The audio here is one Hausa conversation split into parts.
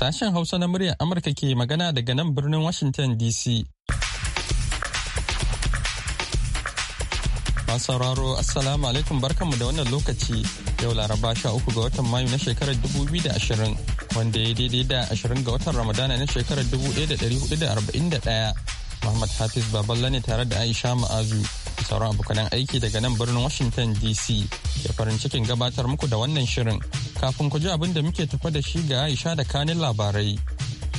Sashen Hausa na muryar Amurka ke magana daga nan birnin Washington DC. Masu sauraro Assalamu alaikum barkanmu da wannan lokaci yau Laraba sha uku ga watan Mayu na shekarar biyu da 2020 wanda ya daidai da ashirin ga watan Ramadana na shekarar da da da 1441 Muhammad Hafiz Baballe ne tare da Aisha Ma'azu da sauran abokanan aiki daga nan birnin Washington DC ke farin cikin gabatar muku da wannan shirin. Kafin ku ji abin da muke tafa da shi ga Aisha da kanin labarai.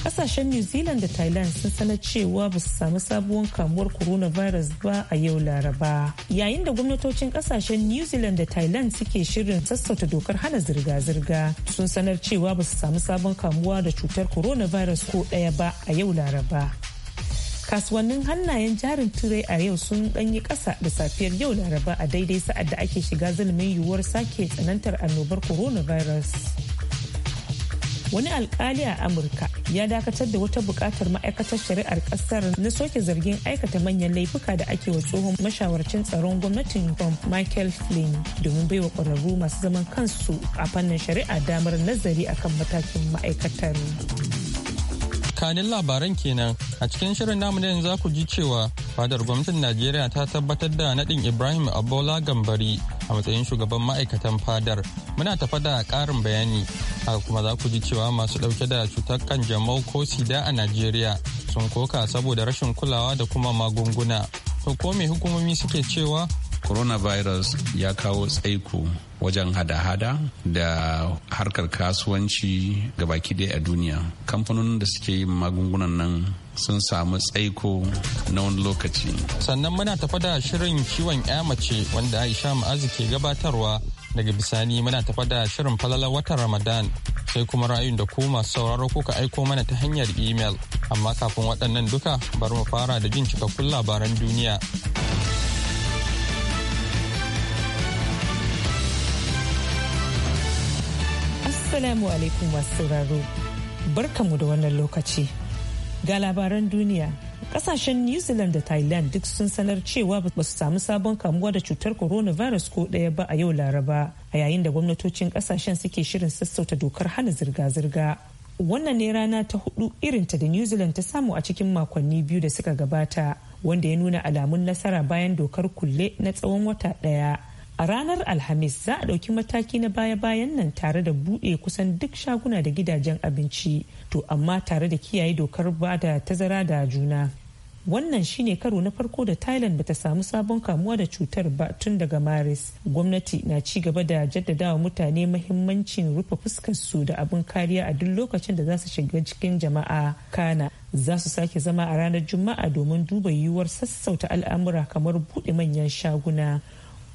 Kasashen New Zealand da Thailand sun sanar cewa ba su samu sabuwar kamuwar coronavirus ba a yau Laraba. Yayin da gwamnatocin kasashen New Zealand da Thailand suke shirin sassauta dokar hana zirga-zirga sun sanar cewa ba su samu sabon kamuwa da cutar coronavirus ko ɗaya ba a yau Laraba. kasuwannin hannayen jarin turai a yau sun danyi ƙasa da safiyar yau laraba a daidai sa'ad da ake shiga zulumin yiwuwar sake tsanantar annobar coronavirus wani alkali a amurka ya dakatar da wata bukatar ma'aikatar shari'ar kasar na soke zargin aikata manyan laifuka da ake wa tsohon mashawarcin tsaron gwamnatin trump michael flynn domin baiwa kwararru masu zaman kansu a fannin shari'a damar nazari akan matakin ma'aikatar kanin labaran kenan a cikin shirin namu na yanzu ku ji cewa fadar gwamnatin najeriya ta tabbatar da naɗin ibrahim abola gambari a matsayin shugaban ma'aikatan fadar muna tafa da ƙarin bayani haka kuma za ku ji cewa masu ɗauke da cutar kanjamau ko sida a najeriya sun koka saboda rashin kulawa da kuma magunguna to ko me hukumomi suke cewa coronavirus ya kawo tsaiko wajen hada-hada da harkar kasuwanci ga baki ɗaya a duniya kamfanonin da suke yin magungunan nan sun samu tsaiko na wani lokaci sannan muna tafa da shirin kiwon ya mace wanda aisha ma'azi ke gabatarwa daga bisani muna tafa da shirin falalar watan ramadan sai kuma ra'ayin da ku masu sauraro kuka aiko mana ta hanyar imel amma kafin waɗannan duka bari mu fara da jin cikakkun labaran duniya Assalamu alaikum masu sauraro. Barkamu da wannan lokaci. Ga labaran duniya, kasashen New Zealand da Thailand duk sun sanar cewa ba su samu sabon kamuwa da cutar coronavirus ko ɗaya ba a yau Laraba, a yayin da gwamnatocin kasashen suke shirin sassauta dokar hana zirga-zirga. Wannan ne rana ta hudu irin ta da New Zealand ta samu a cikin makonni biyu da suka gabata, wanda ya nuna alamun nasara bayan dokar kulle na tsawon wata ɗaya. a ranar alhamis za a ɗauki mataki na baya-bayan nan tare da buɗe kusan duk shaguna da gidajen abinci to amma tare da kiyaye dokar ba da tazara da juna wannan shine karo na farko da thailand bata samu sabon kamuwa da cutar ba tun daga maris gwamnati na ci gaba da jaddadawa mutane mahimmancin rufe su da abin kariya a duk lokacin da za su shiga cikin jama'a kana za su sake zama a ranar juma'a domin duba yiwuwar sassauta al'amura kamar buɗe manyan shaguna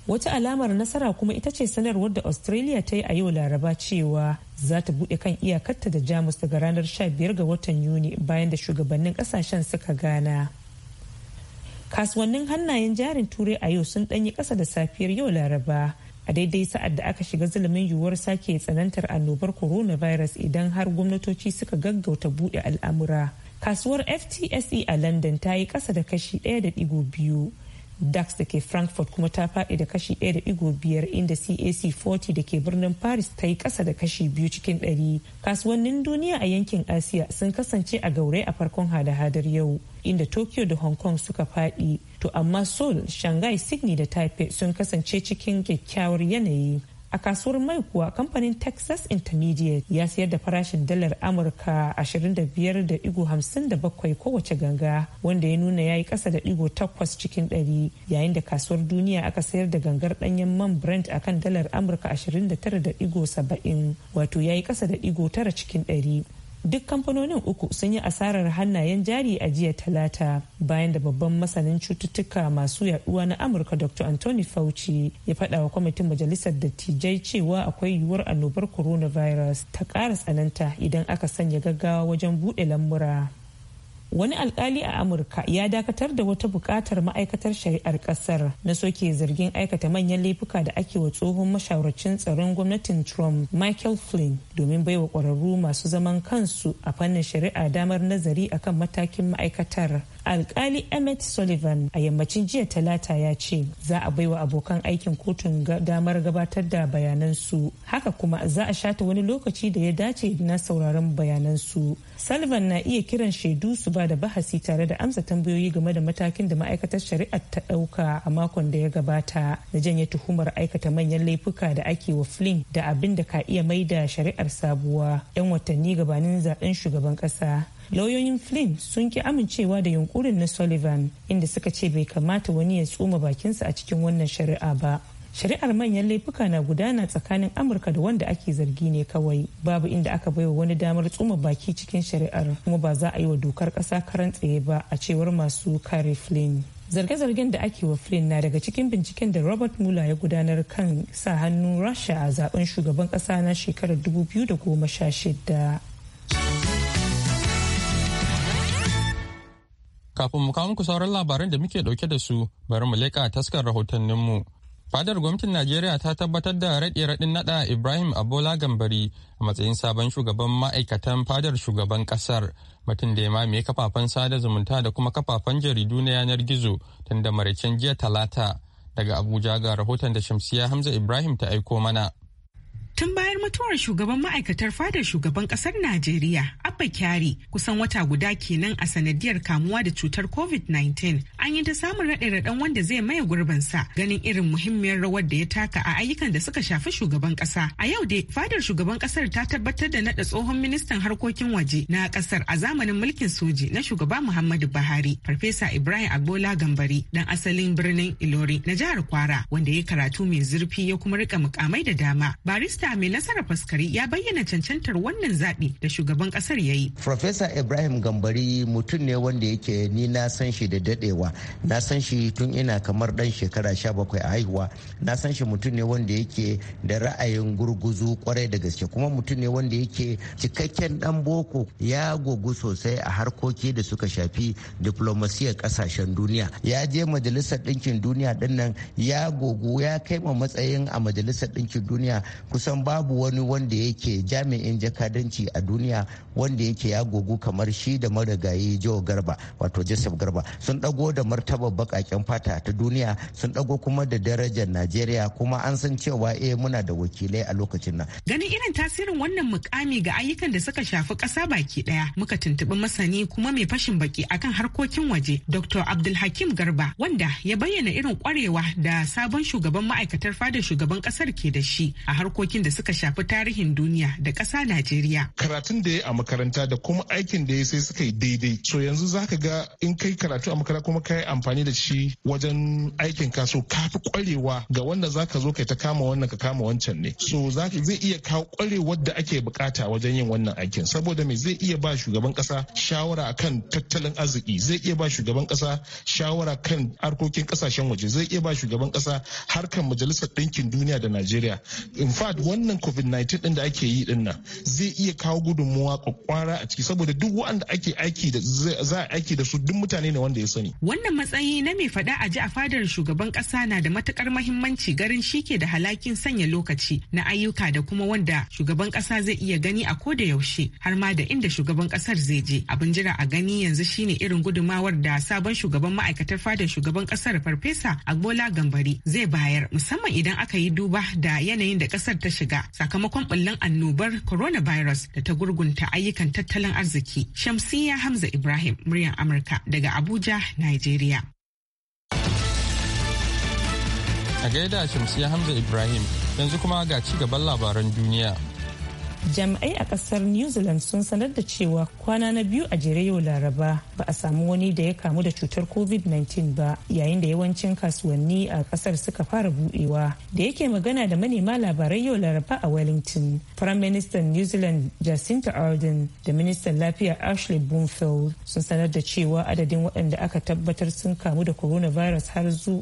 wata alamar nasara kuma ita ce sanarwar da australia ta yi a yau laraba cewa za ta bude kan iyakarta da jamus daga ranar 15 ga watan yuni bayan da shugabannin kasashen suka gana kasuwannin hannayen jarin turai a yau sun ɗanyi ƙasa da safiyar yau laraba a daidai sa'ad da aka shiga zulumin yiwuwar sake tsanantar annobar coronavirus idan har gwamnatoci suka gaggauta bude al'amura kasuwar ftse a london ta yi ƙasa da kashi ɗaya da ɗigo biyu dax da ke frankfurt kuma ta faɗi da kashi 1.5 inda cac 40 da ke birnin paris ta yi kasa da kashi biyu cikin 100 kasuwannin duniya a yankin asiya sun kasance a gaure a farkon hada-hadar yau inda tokyo da hong kong suka faɗi to amma seoul shanghai sydney da taipei sun kasance cikin kyakkyawar yanayi a kasuwar mai kuwa kamfanin texas intermediate ya sayar da farashin dalar amurka 25.57 kowace ganga wanda ya nuna ya yi kasa da digo 8 cikin ɗari yayin da kasuwar duniya aka sayar da gangar danyen man brent kan dalar amurka 29.70 wato ya yi kasa da digo tara cikin ɗari duk kamfanonin uku sun yi asarar hannayen jari a jiya talata bayan da babban masanin cututtuka masu yaduwa na amurka dr anthony fauci ya faɗawa wa kwamitin majalisar dattijai cewa akwai yiwuwar annobar coronavirus ta ƙara tsananta idan aka sanya gaggawa wajen buɗe lamura wani alkali a amurka ya dakatar da wata bukatar ma'aikatar shari'ar kasar na soke zargin aikata manyan laifuka da ake wa tsohon mashawarcin tsaron gwamnatin trump michael flynn domin baiwa kwararru masu zaman kansu a fannin shari'a damar nazari akan matakin ma'aikatar alkali emet sullivan a yammacin jiya talata ya ce za a baiwa abokan aikin kotun damar gabatar da bayanansu haka kuma za a shata wani lokaci da ya dace na sauraron bayanansu sullivan na iya kiran shaidu su ba da bahasi tare da amsa tambayoyi game da matakin da ma'aikatar shari'ar ta ɗauka a makon da ya gabata na janye tuhumar aikata manyan laifuka da ake wa flynn da abin da ka iya maida shari'ar sabuwa 'yan watanni gabanin zaben shugaban ƙasa lauyoyin flynn sun ki amincewa da yunkurin na sullivan inda suka ce bai kamata wani ya tsoma bakinsa a cikin wannan shari'a ba shari'ar manyan laifuka na gudana tsakanin amurka da wanda ake zargi ne kawai babu inda aka baiwa wani damar tsoma baki cikin shari'ar kuma ba za a yi wa dokar kasa karan tsaye ba a cewar masu kare flynn zarge-zargen da ake wa flynn na daga cikin binciken da robert mueller ya gudanar kan sa hannun rasha a zaben shugaban kasa na shekarar 2016 Kafin mu kawo muku sauran labaran da muke dauke da su bari mu leƙa taskar rahotanninmu. Fadar gwamnatin Najeriya ta tabbatar da raɗe-raɗin naɗa Ibrahim Abola Gambari a matsayin sabon shugaban ma'aikatan fadar shugaban ƙasar. Mutum da ya mamaye kafafen sada zumunta da kuma kafafen jaridu na yanar gizo tun da maraicen jiya talata. Daga Abuja ga rahoton da Shamsiya Hamza Ibrahim ta aiko mana. Tun bayan mutuwar shugaban ma'aikatar fadar shugaban kasar Najeriya, Abba Kyari, kusan wata guda kenan a sanadiyar kamuwa da cutar COVID-19. An yi ta samun raɗe raɗen wanda zai maye gurbinsa ganin irin muhimmiyar rawar da ya taka a ayyukan da suka shafi shugaban kasa. A yau dai, fadar shugaban kasar ta tabbatar da naɗa tsohon ministan harkokin waje na kasar a zamanin mulkin soji na shugaba Muhammadu Buhari, Farfesa Ibrahim Agbola Gambari, dan asalin birnin Ilori na jihar Kwara, wanda ya karatu mai zurfi ya kuma rika mukamai da dama. Barista Farfesa mai nasara faskari ya bayyana cancantar wannan zaɓi da shugaban ƙasar ya yi. Farfesa Ibrahim Gambari mutum ne wanda yake ni na san shi da dadewa na san shi tun ina kamar ɗan shekara sha bakwai a haihuwa, na san shi mutum ne wanda yake da ra'ayin gurguzu kwarai da gaske kuma mutum ne wanda yake cikakken ɗan boko ya gogu sosai a harkoki da suka shafi diplomasiyar kasashen duniya. Ya je majalisar ɗinkin duniya dinnan ya gogu ya kai ma matsayin a majalisar ɗinkin duniya kusan don babu wani wanda yake jami'in jakadanci a duniya wanda yake ya gogu kamar shi da marigayi joe garba wato joseph garba sun dago da martaba bakaken fata ta duniya sun dago kuma da darajar najeriya kuma an san cewa eh muna da wakilai a lokacin nan ganin irin tasirin wannan mukami ga ayyukan da suka shafi kasa baki daya muka tuntubi masani kuma mai fashin baki akan harkokin waje dr abdulhakim garba wanda ya bayyana irin kwarewa da sabon shugaban ma'aikatar fadar shugaban kasar ke da shi a harkokin da suka shafi tarihin duniya da ƙasa Najeriya. Karatun da ya a makaranta da kuma aikin da ya sai suka yi daidai. So yanzu za ka ga in kai karatu a makaranta kuma ka yi amfani da shi wajen aikin ka so ka fi ƙwarewa ga wanda za ka zo kai ta kama wannan ka kama wancan ne. So zai iya kawo ƙwarewar da ake buƙata wajen yin wannan aikin saboda me zai iya ba shugaban ƙasa shawara akan tattalin arziki zai iya ba shugaban ƙasa shawara kan harkokin ƙasashen waje zai iya ba shugaban ƙasa harkan majalisar ɗinkin duniya da Najeriya. In fact wannan covid-19 din da ake yi din nan zai iya kawo gudunmuwa kwakwara a ciki saboda duk wanda ake aiki da za a aiki da su duk mutane ne wanda ya sani wannan matsayi na mai faɗa a ji a fadar shugaban ƙasa na da matukar mahimmanci garin shi ke da halakin sanya lokaci na ayyuka da kuma wanda shugaban ƙasa zai iya gani a ko da yaushe har ma da inda shugaban ƙasar zai je abin jira a gani yanzu shine irin gudumawar da sabon shugaban ma'aikatar fadar shugaban ƙasar farfesa agbola gambari zai bayar musamman idan aka yi duba da yanayin da ƙasar ta shiga sakamakon ɓullan annobar coronavirus da ta gurgunta ayyukan tattalin arziki. Shamsiya Hamza Ibrahim, muryar Amurka daga Abuja, Nigeria. A gaida Shamsiya Hamza Ibrahim, yanzu kuma ga ci gaban labaran duniya. jami'ai a kasar new zealand sun sanar da cewa kwana na biyu a jere yau laraba ba a samu wani da ya kamu da cutar covid-19 ba yayin da yawancin kasuwanni a kasar suka fara buɗewa da yake magana da manema labarai yau laraba a wellington prime minister new zealand jacinta ardern da ministan lafiya ashley bloomfield sun sanar da cewa adadin waɗanda aka tabbatar sun kamu da coronavirus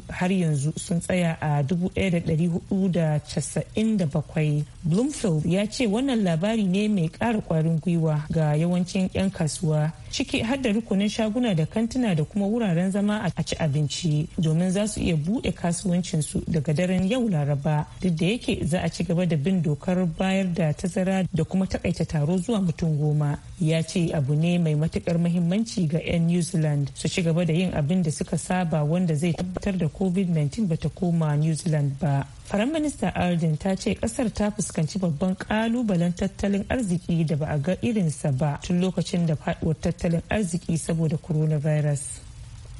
har yanzu sun tsaya a 1497 bloomfield ya ce wannan labari ne mai ƙara kwarin gwiwa ga yawancin 'yan kasuwa ciki har da rukunin shaguna da kantuna da kuma wuraren zama a ci abinci domin za su iya buɗe kasuwancinsu daga daren yau laraba duk da yake za a ci gaba da bin dokar bayar da tazara da kuma takaita taro zuwa mutum goma ya ce abu ne mai matukar mahimmanci ga 'yan new zealand su ci gaba da yin abin da suka saba wanda zai tabbatar da covid-19 bata koma new zealand ba minista arden ta ce kasar ta fuskanci babban kalubalen tattalin arziki da ba a ga irinsa ba tun lokacin da faduwar tattalin tattalin arziki saboda coronavirus.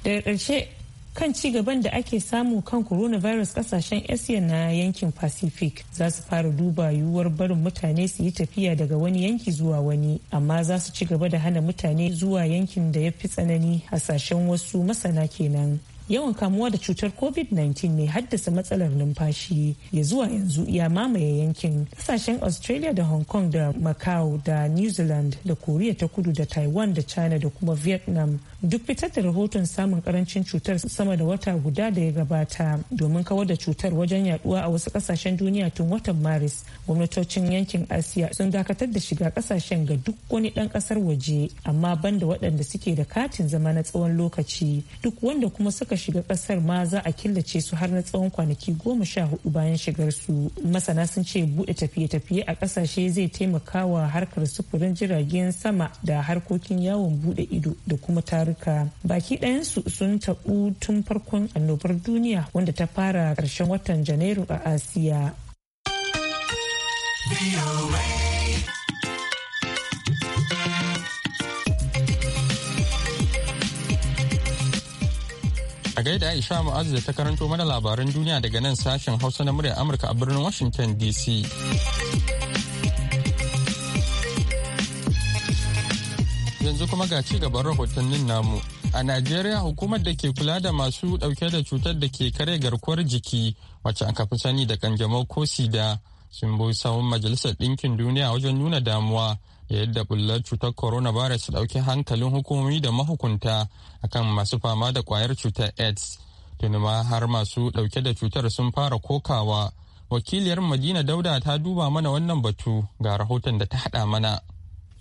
Daga ƙarshe kan ci gaban da ake samu kan coronavirus kasashen asiya na yankin pacific za su fara duba yiwuwar barin mutane su yi tafiya daga wani yanki zuwa wani amma za su ci gaba da hana mutane zuwa yankin da ya fi tsanani hasashen wasu masana kenan yawan kamuwa da cutar covid-19 ne haddasa matsalar numfashi ya zuwa yanzu ya mamaye yankin kasashen australia da hong kong da macau da new zealand da korea ta kudu da taiwan da china da kuma vietnam duk fitar da rahoton samun karancin cutar sama da wata guda da ya gabata domin kawar da cutar wajen yaduwa a wasu kasashen duniya tun watan maris gwamnatocin yankin asiya sun dakatar da shiga kasashen ga duk wani dan kasar waje amma banda waɗanda suke da katin zama na tsawon lokaci duk wanda kuma suka suka shiga kasar ma za a killace su har na tsawon kwanaki goma sha hudu bayan shigar su masana sun ce bude tafiye-tafiye a kasashe zai taimaka wa harkar sufurin jiragen sama da harkokin yawon bude ido da kuma taruka baki ɗayansu sun taɓu tun farkon annobar duniya wanda ta fara ƙarshen watan janairu a asiya. gaida Aisha mu'azu da ta karanto mana labaran duniya daga nan sashen Hausa na muryar Amurka a birnin Washington DC. Yanzu kuma ga ci gaban rahotannin namu. A Najeriya hukumar da ke kula da masu ɗauke da cutar da ke kare garkuwar jiki wacce aka fi sani da kanjamau ko sida sun bo sawun Majalisar Ɗinkin Duniya wajen nuna damuwa yadda bullar cutar coronavirus ta ɗauki hankalin hukumomi da mahukunta akan masu fama da kwayar cutar aids tuni ma har masu ɗauke da cutar sun fara kokawa wakiliyar madina dauda ta duba mana wannan batu ga rahoton da ta haɗa mana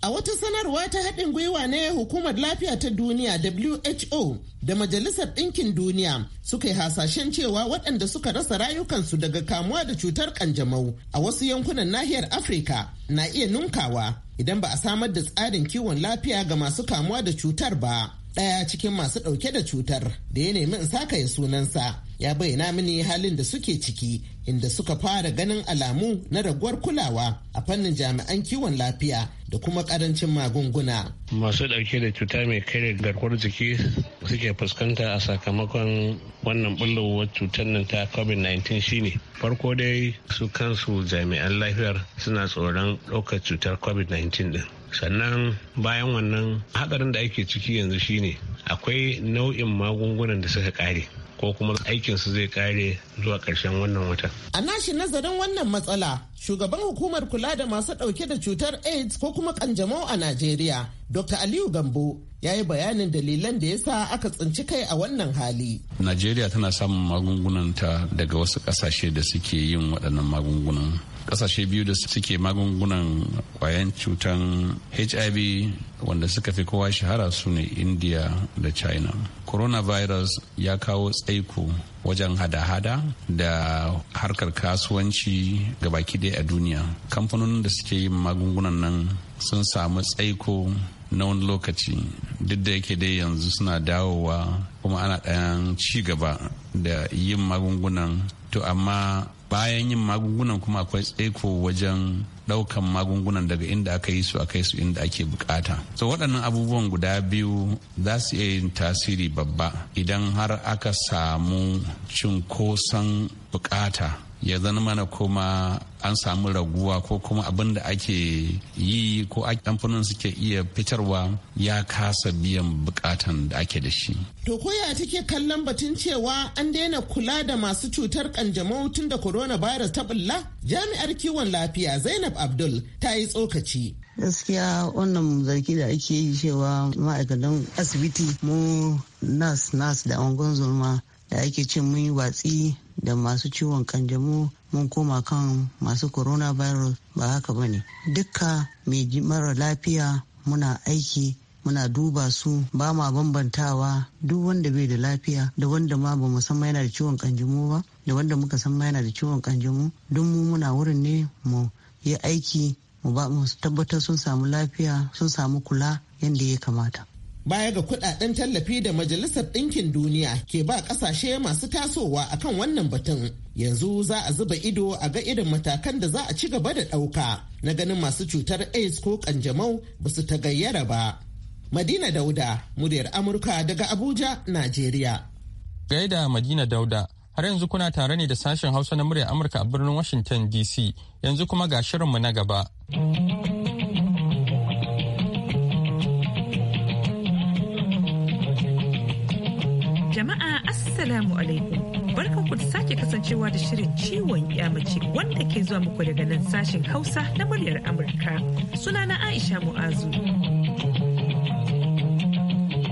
A wata sanarwa ta haɗin gwiwa ne hukumar lafiya ta duniya WHO da Majalisar Ɗinkin Duniya suka yi hasashen cewa waɗanda suka rasa rayukansu daga kamuwa da cutar kanjamau a wasu yankunan nahiyar Afirka na iya nunkawa idan ba a samar da tsarin kiwon lafiya ga masu kamuwa da cutar ba. ɗaya cikin masu ɗauke da cutar da ya nemi in saka ya sunansa ya bayyana mini halin da suke ciki inda suka fara ganin alamu na raguwar kulawa a fannin jami'an kiwon lafiya da kuma ƙarancin magunguna. Masu ɗauke da cuta mai kare garkuwar jiki suke fuskanta a sakamakon wannan bullowar cutar nan ta COVID-19 shine. Farko dai su kansu jami'an lafiyar suna tsoron ɗaukar cutar COVID-19 din. sannan bayan wannan hadarin da ake ciki yanzu shine akwai nau'in magungunan da suka kare ko kuma aikinsu zai kare zuwa ƙarshen wannan watan. A nashi nazarin wannan matsala, shugaban hukumar kula da masu ɗauke da cutar AIDS ko kuma kanjamau a Najeriya, Dr. Aliyu Gambo ya yi bayanin dalilan da ya sa aka tsinci kai a wannan hali. Najeriya tana samun magungunan ta daga wasu kasashe da suke yin waɗannan magungunan. Kasashe biyu da suke magungunan kwayan cutan HIV wanda suka fi kowa shahara su ne India da China. Coronavirus ya kawo tsaiko wajen hada-hada da harkar kasuwanci ga baki ɗaya a duniya. Kamfanonin da suke yin magungunan nan sun samu tsaiko na wani lokaci duk da yake dai yanzu suna dawowa kuma ana ɗayan ci gaba da yin magungunan to amma bayan yin magungunan kuma akwai tsaiko wajen ɗaukan magungunan daga inda aka yi su aka yi su inda ake bukata so waɗannan abubuwan guda biyu za su iya yin tasiri babba idan har aka samu cinkoson bukata ya zana mana kuma an samu raguwa ko kuma abin da ake yi ko kamfanin suke iya fitarwa ya kasa biyan bukatan da ake da shi. To koya take kallon batun cewa an daina kula da masu cutar kanjamau tun da coronavirus ta bulla? Jami'ar kiwon lafiya Zainab Abdul ta yi tsokaci. gaskiya wannan zarki da ake yi cewa ma'aikatan asibiti mu nas nas da angon da ake ce mun yi watsi da masu ciwon kanjamu mun koma kan masu coronavirus ba haka ba ne dukka mai mara lafiya muna aiki muna duba su ba ma bambantawa duk wanda bai da lafiya da wanda ma ba san yana da ciwon kanjamu ba da wanda muka san yana da ciwon kanjamu duk mu muna wurin ne mu yi aiki mu ba mu tabbatar sun samu lafiya sun samu kula yadda ya kamata baya ga kudaden tallafi da majalisar ɗinkin duniya ke ba ƙasashe masu tasowa akan wannan batun yanzu za a zuba ido a ga irin matakan da za a ci gaba da ɗauka na ganin masu cutar aids ko kanjamau ba su gayyara ba madina dauda muryar amurka daga abuja najeriya gaida madina dauda har yanzu kuna tare ne da sashen hausa na muryar amurka a birnin washington dc yanzu kuma ga shirinmu na gaba Jama'a Assalamu alaikum. Barkanku da sake kasancewa da shirin ciwon mace wanda ke zuwa muku daga nan sashen Hausa na muryar Amurka. suna na Aisha Mu'azu.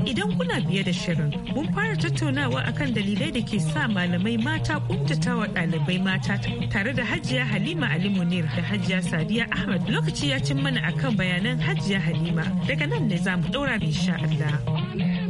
Idan kuna biye da shirin, mun fara tattaunawa akan dalilai da ke sa malamai mata kuntatawa ɗalibai mata tare da Hajiya Halima Ali Munir da Hajiya Sadiya Ahmad lokaci ya cin mana akan bayanan Hajiya Halima. Daga nan ne za mu ɗora insha Allah.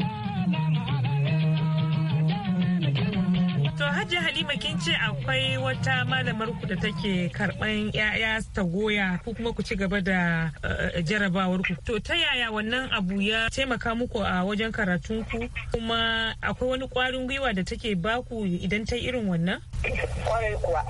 hajji halima kin ce akwai wata malamar ku da take karban yaya ta goya ko kuma ku ci gaba da eh, jarabawar ku to ta yaya wannan abu ya taimaka muku a wajen karatun ku kuma akwai wani kwarin gwiwa da take baku idan ta irin wannan kwarai kuwa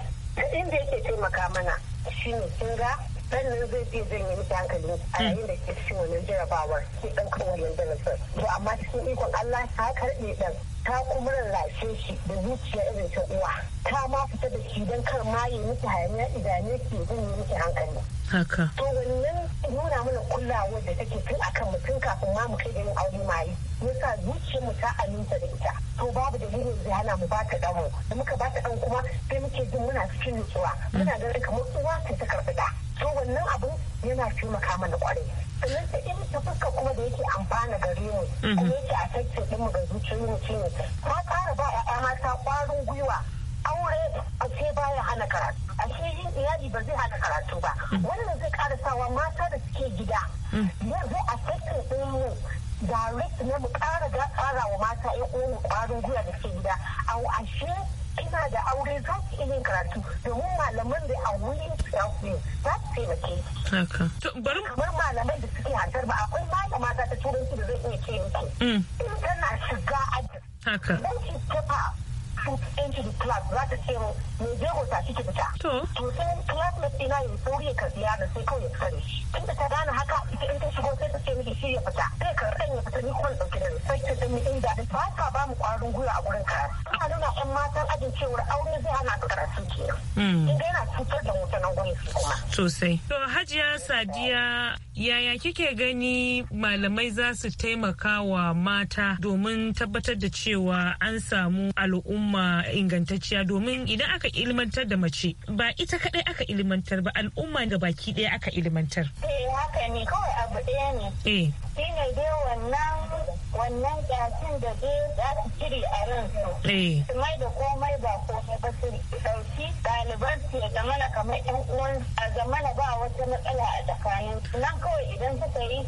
inda yake taimaka mana shi kin ga sannan zai fi zai yi miki hankali a hmm. yayin da ke cikin wannan jarabawar ke dan kawai yanzu to amma cikin ikon Allah ta karɓe dan ta kuma rarrashe shi da zuciya irin ta uwa ta ma fita da shi don kar ma yi miki hayaniya idane ke zan yi miki hankali haka to wannan nuna mana kulawa da take tun akan mutum kafin ma mu kai irin aure maye yasa zuciyar mu ta aminta da ita to babu dalilin zai hana mu bata dan mu da muka bata dan kuma sai muke jin muna cikin nutsuwa muna ganin kamar uwa ce ta karɓi da to wannan abun yana taimaka mana kwarai sannan ta in ta fuska kuma da yake amfana gare mu kuma mhm. yake a tattalin mu ga zuciyar mu shine ta ƙara ba 'ya'ya mata ƙwarin gwiwa aure a ce baya hana karatu a yin iyali ba zai hana karatu ba Mm. wannan zai karasawa mata da suke gida mm. zai a sakin ɗin direct ne mu kara ga tsara wa mata ya uwan ƙwarin gwiwa da suke gida a ashe kina da aure za ki iya yin karatu domin malaman da a wuri su yi za su taimake. kike gani malamai za su taimaka wa mata domin tabbatar da cewa an samu al'umma ingantacciya domin idan aka ilmantar da mace ba ita kadai aka ilmantar ba al'umma ga baki daya aka ilmantar. Eh haka ne kawai abu ɗaya ne. Eh. Shi ne dai wannan wannan gasin da dai za su kiri a ransu. Eh. Su mai da komai ba komai ba su ɗauki ɗaliban su ya zamana kamar ƴan uwan a zamana ba wata matsala a tsakanin nan kawai idan suka yi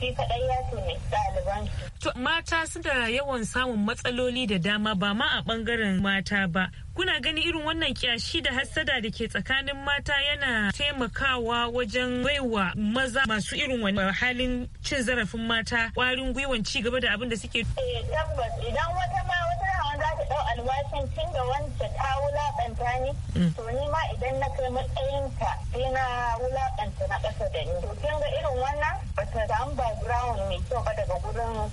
shi kaɗai ya mai ɗaliban su. mata suna yawan samun matsaloli da dama ba ma a ɓangaren mata ba kuna gani irin wannan kyashi da hassada da ke tsakanin mata yana taimakawa wajen baiwa maza masu irin wani halin cin zarafin mata kwarin gwiwan ci gaba da abin da suke eh, idan wata ma wata rawa za ta dau alwashin tun da wanda ta wulakanta ni mm. to ni ma idan na kai matsayin ta sai na wulakanta na kasa da ni to kin ga irin wannan ba ta samu background mai kyau ba daga gurin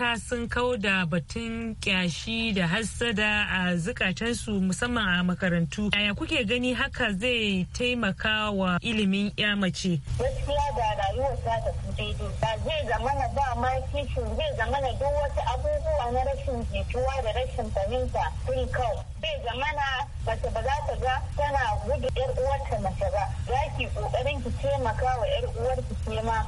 mata sun kau da batun kyashi da hassada a zukatansu musamman a makarantu yaya kuke gani haka zai taimaka wa ilimin ya mace gaskiya da rayuwar ta tafi ba zai zamana ba ma kishin zai zamana duk wasu abubuwa na rashin jituwa da rashin fahimta sun kau zai zamana mace ba za ta ga tana gudu yar uwarta mace ba za ki kokarin ki taimaka wa yar uwarki ke ma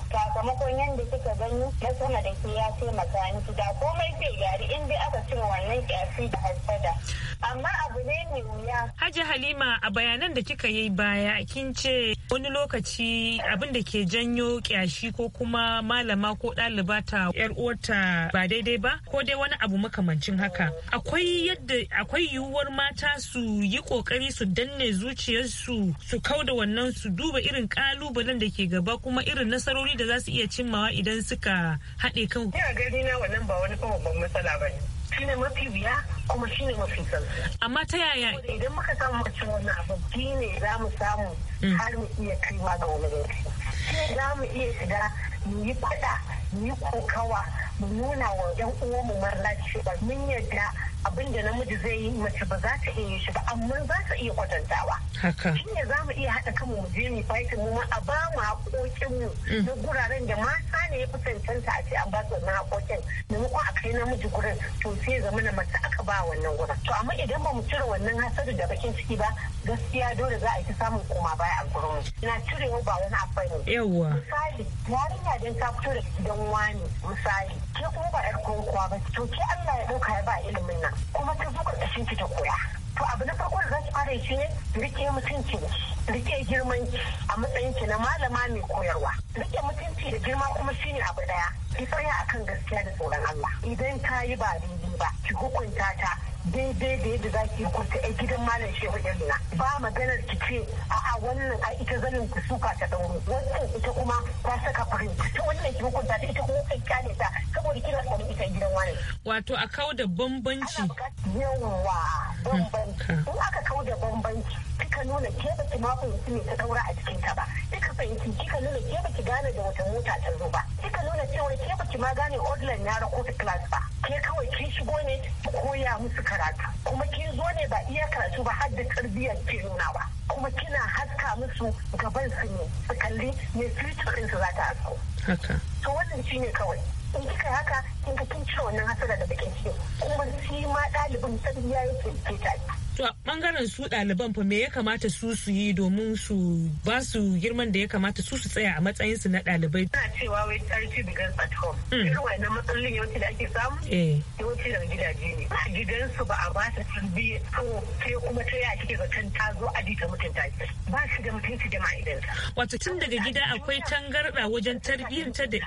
sakamakon yadda kika gani na sama da ke ya ce miki da komai zai gyari in dai aka cire wannan kyafi da hasada amma abu ne mai wuya Hajji Halima a bayanan da kika yi baya kin ce wani lokaci abin da ke janyo kyashi ko kuma malama ko ɗaliba ta yar uwarta ba daidai ba ko dai wani abu makamancin haka akwai yadda akwai yiwuwar mata su yi kokari su danne zuciyarsu su kauda wannan su duba irin kalubalen da ke gaba kuma irin nasarori da za su iya cimmawa idan suka haɗe kan ku. ina gani na wannan ba wani kuma babban matsala ba ne shine mafi biya kuma shine mafi sauki amma ta yaya idan muka samu mace wannan abu ne za mu samu mm. har mu iya kaiwa ga wani lokaci za mu iya shiga mu yi fada mu yi kokawa mu nuna wa yan uwanmu marlaci ba mun yadda abin da namiji zai yi mace ba za ta iya shi ba amma za ta iya kwatantawa shi ne za mu iya haɗa kan mu je mu fahimta mu a ba mu haƙoƙin mu mm. na guraren da mata ne ya fi cancanta a ce an ba su wannan haƙoƙin maimakon a kai namiji gurin to sai zama na mace aka ba wannan gurin to amma idan ba mu cire wannan hasadu da bakin ciki ba gaskiya dole za a yi samun koma baya a gurin na cirewa ba wani abu ne misali yarinya don ta fito da gidan wani misali ke kuma ba yar kowa ba to ke Allah ya dauka ya ba ilimin nan kuma ta zo karkashin ki ta koya to abu na farko da zaki fara shi ne rike mutunci rike girman a matsayin ki na malama mai koyarwa rike mutunci da girma kuma shine abu daya ki tsaya akan gaskiya da tsoron Allah idan ka yi ba daidai ba ki hukunta ta daidai da yadda za ki kwanta a gidan malam shehu yamma ba maganar ki ce a wannan a ita zanin ku suka ta dauro wannan ita kuma ta saka farin ta wannan ki hukunta ta ita kuma kai kyale ta saboda kina tsaro ita gidan malam wato a kau da bambanci yawa bambanci hmm. in aka kau da bambanci kika nuna ke baki ma fahimci ne ta daura a jikin ta ba kika fahimci kika nuna ke baki gane da wata mota ta zo ba kika nuna cewa ke baki ma gane odlan ya rako ta class ba ke kawai kin shigo ne koya musu karatu kuma kin zo ne ba iya karatu ba har da tarbiyyar ke nuna ba kuma kina haska musu gaban su ne su kalli me future din su za ta asko to wannan shi ne kawai in kika haka in ka kin cire wannan hasara da bakin ciki kuma shi ma ɗalibin tarbiyya yake ke ta to a bangaren su ɗaliban fa me ya kamata su su yi domin su ba su girman da ya kamata su su tsaya a matsayin su na ɗalibai ana cewa wai charity begins at home hmm. irin wannan matsalolin yawanci da ake samu eh. yawanci daga gidaje ne a gidansu ba a ba su tarbiyya ko sai kuma ta ya kike zaton ta zo aji ta mutunta ba shi da mutunci da ma'idansa wato tun daga gida akwai tangarɗa wajen tarbiyyar ta da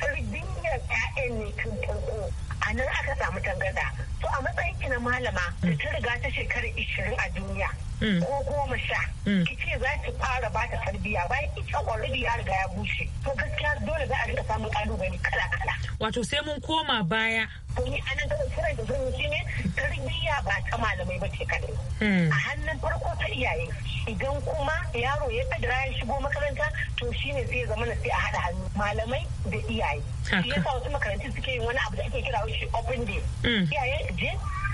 tarbiyyar ƴaƴan ne tun farko a nan aka samu tangarɗa to a matsayin ki na malama da ta riga ta shekara ishirin a duniya Mm. ko goma sha mm. ki ce za ki fara ba ta tarbiyya bayan ita already ya riga ya bushe to gaskiya dole za a rika samun kalubale kala kala wato sai mun koma baya to ni anan da kiran da zan yi ne tarbiyya ba ta malamai ba ce kadai mm. a hannun farko ta iyaye idan kuma yaro ya kadara ya shigo makaranta to shine sai ya zama sai a hada hannu malamai da iyaye shi yasa wasu makarantu suke yin wani abu da ake kira shi open day iyaye je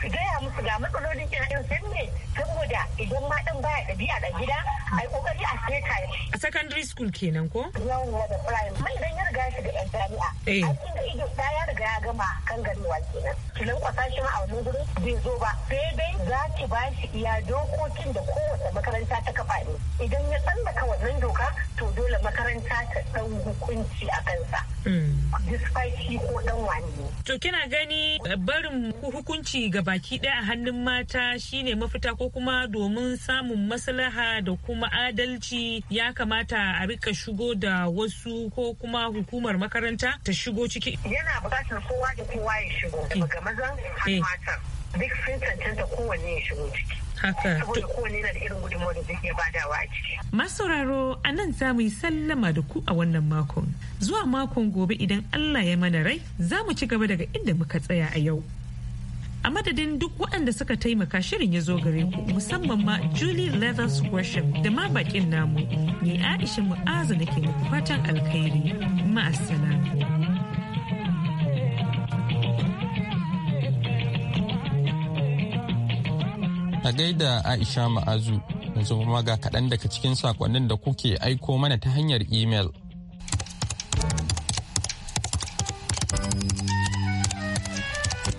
gaya musu ga matsalolin ƴaƴan sai saboda idan ma dan baya ɗabi'a da gida a yi kokari a seta a secondary school kenan ko yawwa da prime mun dan ya riga shi da yan jami'a eh aikin da ido da ya riga ya gama kan garewa kenan ki lankwasa shi ma a wannan gurin bai zo ba sai dai za ki ba shi iya dokokin da kowace makaranta ta kafa ne idan ya tsallaka wannan doka to dole makaranta ta ɗan hukunci a kansa mm. despite shi ko dan wani to kina gani barin hukunci ga baki ɗaya a hannun mata shine mafita ko ko kuma domin samun maslaha da kuma adalci ya kamata a rika shigo da wasu ko kuma hukumar makaranta ta shigo ciki yana bukatar kowa da kowa ya shigo eh. daga mazan har eh. matan duk sun cancanta kowanne ya shigo ciki haka saboda kowanne na da irin gudunmawar da zai ba badawa a ciki masauraro a nan za mu yi sallama da ku a wannan makon zuwa makon gobe idan allah ya mana rai za mu ci gaba daga inda muka tsaya a yau a madadin duk waɗanda suka taimaka shirin ya zo gare ku musamman ma julie levels worship da ma bakin namu ne aisha mu'azu da ke muku fatan alkhairi ma'assalam a gaida aisha ma'azu yanzu kuma ga kaɗan daga cikin sakonnin da kuke aiko mana ta hanyar imel.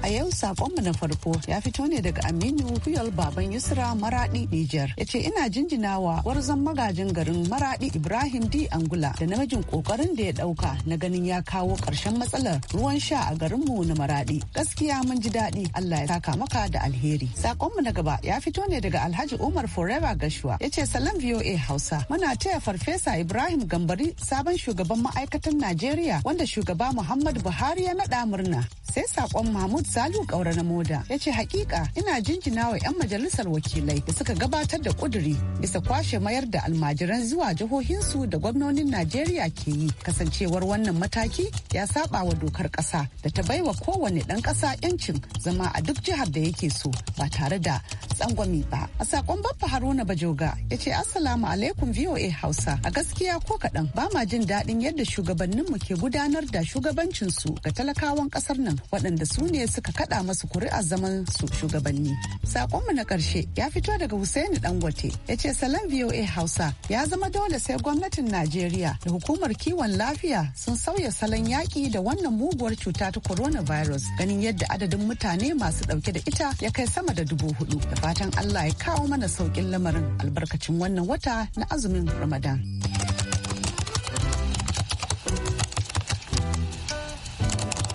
A yau sakonmu na farko ya fito ne daga Aminu Kuyal Baban Yusra Maradi Niger. Ya ce ina jinjinawa warzan magajin garin Maradi Ibrahim D Angula da namijin kokarin da ya dauka na ganin ya kawo karshen matsalar ruwan sha a garinmu na Maradi. Gaskiya mun ji daɗi Allah ya saka maka da alheri. Sakonmu na gaba ya fito ne daga Alhaji Umar Forever Gashuwa. Ya ce salam VOA Hausa. Muna taya Farfesa Ibrahim Gambari sabon shugaban ma'aikatan Najeriya wanda shugaba Muhammadu Buhari ya naɗa murna. Sai sakon Mahmud Salu Kaura na Moda ya ce hakika ina jinjina wa 'yan majalisar wakilai da suka gabatar da kuduri bisa kwashe mayar da almajiran zuwa jihohinsu da gwamnonin Najeriya ke yi kasancewar wannan mataki ya saba wa dokar kasa da ta baiwa kowane ɗan ƙasa 'yancin zama a duk jihar da yake so ba tare da tsangwami ba. A sakon Baffa Haruna Bajoga ya ce Assalamu alaikum VOA Hausa a gaskiya ko kaɗan ba ma jin daɗin yadda shugabanninmu ke gudanar da shugabancinsu ga talakawan ƙasar nan waɗanda su ne suka ka kada masu kuri'ar zaman su shugabanni. Sakonmu na karshe ya fito daga Hussaini Dangote ya ce salon VOA Hausa ya zama dole sai gwamnatin Najeriya da hukumar kiwon lafiya sun sauya salon yaki da wannan muguwar cuta ta coronavirus ganin yadda adadin mutane masu dauke da ita ya kai sama da dubu hudu da fatan Allah ya kawo mana saukin lamarin albarkacin wannan wata na azumin Ramadan.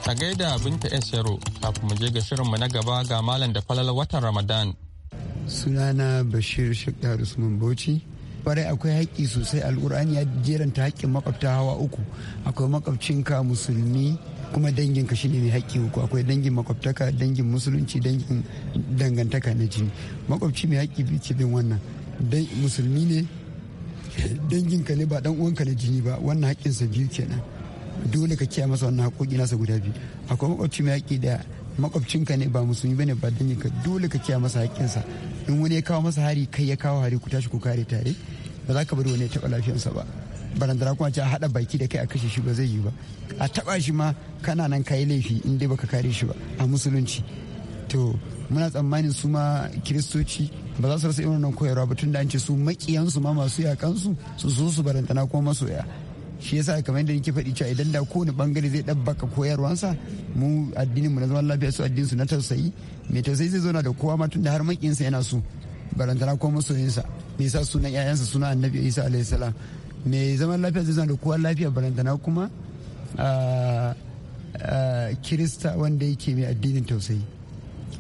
A gaida Binta Esero kafin mu je ga shirinmu na gaba ga malam da falal watan Ramadan. Sunana Bashir Shekda Usman Bauchi. Kwarai akwai haƙƙi sosai al'ur'ani ya jeranta haƙƙin makwabta hawa uku. Akwai makwabcinka musulmi kuma dangin ka shine mai haƙƙi uku akwai dangin makwabtaka dangin musulunci dangin dangantaka na jini makwabci mai haƙƙi ce bin wannan musulmi ne dangin ka ne ba dan uwanka na jini ba wannan haƙƙinsa biyu kenan dole ka kiyaye masa wannan hakoki nasa guda biyu akwai makwabci mai haƙi da makwabcinka ne ba musulmi bane ba dan ka dole ka kiyaye masa haƙƙinsa in wani ya kawo masa hari kai ya kawo hari ku tashi ku kare tare ba za ka bari wani ya taɓa lafiyarsa ba barandara kuma ce a haɗa baki da kai a kashe shi ba zai yi ba a taɓa shi ma kana nan kayi laifi in dai baka kare shi ba a musulunci to muna tsammanin su ma kiristoci ba za su rasa irin wannan koyarwa ba tun da an ce su maƙiyansu ma masu yaƙansu su su su barantana kuma masoya shi yasa kamar yadda nake faɗi cewa idan da kowane bangare zai ɗabbaka koyarwansa mu addinin mu na zaman lafiya su addinin su na tausayi mai tausayi zai zauna da kowa ma tunda har makinsa yana so barantana ko masoyinsa me sa sunan ƴaƴansa suna annabi isa alayhi salam mai zaman lafiya zai zauna da kowa lafiya barantana kuma kirista wanda yake mai addinin tausayi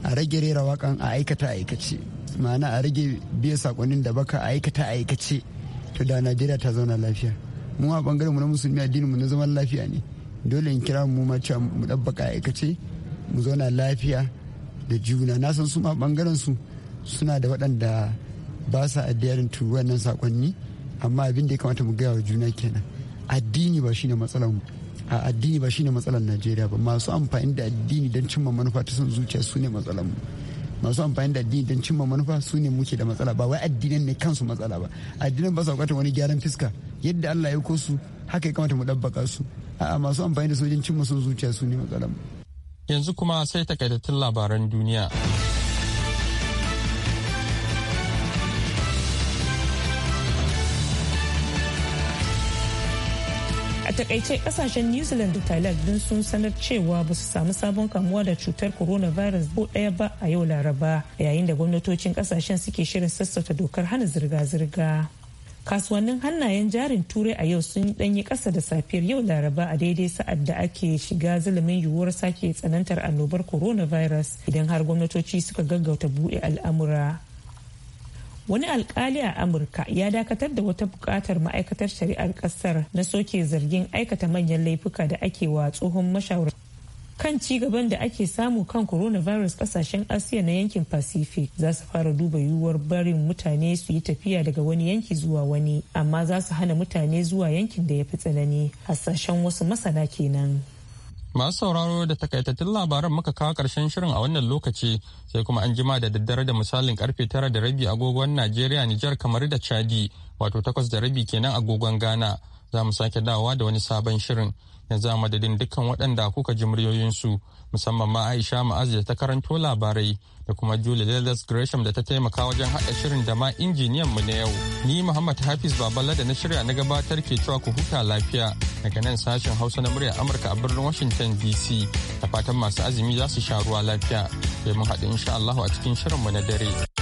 a rage rera wakan a aikata aikace ma'ana a rage biya saƙonin da baka aikata aikace to da najeriya ta zauna lafiya mu a bangaren mu na musulmi addinin mu na zaman lafiya ne dole in kira mu ma cewa mu dabbaka aikace mu zauna lafiya da juna na san su ma bangaren su suna da waɗanda ba sa addiyarin turu wannan sakonni amma abin da ya kamata mu gaya wa juna kenan addini ba shine matsalar mu a addini ba shine matsalar Najeriya ba masu amfani da addini don cimma manufa ta son zuciya su ne matsalar mu masu amfani da addini don cimma manufa su ne muke da matsala ba wai addinan ne kansu matsala ba addinin ba sa bukatar wani gyaran fiska yadda Allah ya ko su haka ya kamata mu ɗabbaka su a masu amfani da sojin cin zuciya su ne matsalar yanzu kuma sai takaitattun labaran duniya a takaice kasashen new zealand da thailand din sun sanar cewa ba su samu sabon kamuwa da cutar coronavirus ko daya ba a yau laraba yayin da gwamnatocin kasashen suke shirin sassauta dokar hana zirga-zirga kasuwannin hannayen jarin turai a yau sun danyi kasa da safiyar yau laraba a daidai sa'ad da ake shiga zulumin yiwuwar sake tsanantar annobar coronavirus idan har gwamnatoci suka gaggauta buɗe al'amura wani alkali a amurka ya dakatar da wata bukatar ma'aikatar shari'ar kasar na soke zargin aikata manyan laifuka da ake wa tsohon kan ci gaban da ake samu kan coronavirus kasashen asiya na yankin pacific za su fara duba yiwuwar barin mutane su yi tafiya daga wani yanki zuwa wani amma za su hana mutane zuwa yankin da ya fi tsanani hasashen wasu masana kenan masu sauraro da takaitattun labaran muka kawo karshen shirin a wannan lokaci sai kuma an jima da daddare da misalin karfe tara da rabi agogon najeriya nijar kamar da chadi wato takwas da rabi kenan agogon Ghana za mu sake dawowa da wani sabon shirin yanzu a madadin dukkan waɗanda kuka ji muryoyinsu musamman ma Aisha Ma'az da ta karanto labarai da kuma Julie Leathers Gresham da ta taimaka wajen haɗa shirin da ma injiniyan mu na yau. Ni Muhammad Hafiz Baballa da na shirya na gabatar ke cewa ku huta lafiya daga nan sashen Hausa na murya Amurka a birnin Washington DC da fatan masu azumi za su sha ruwa lafiya. Sai mun haɗu insha Allahu a cikin shirin mu na dare.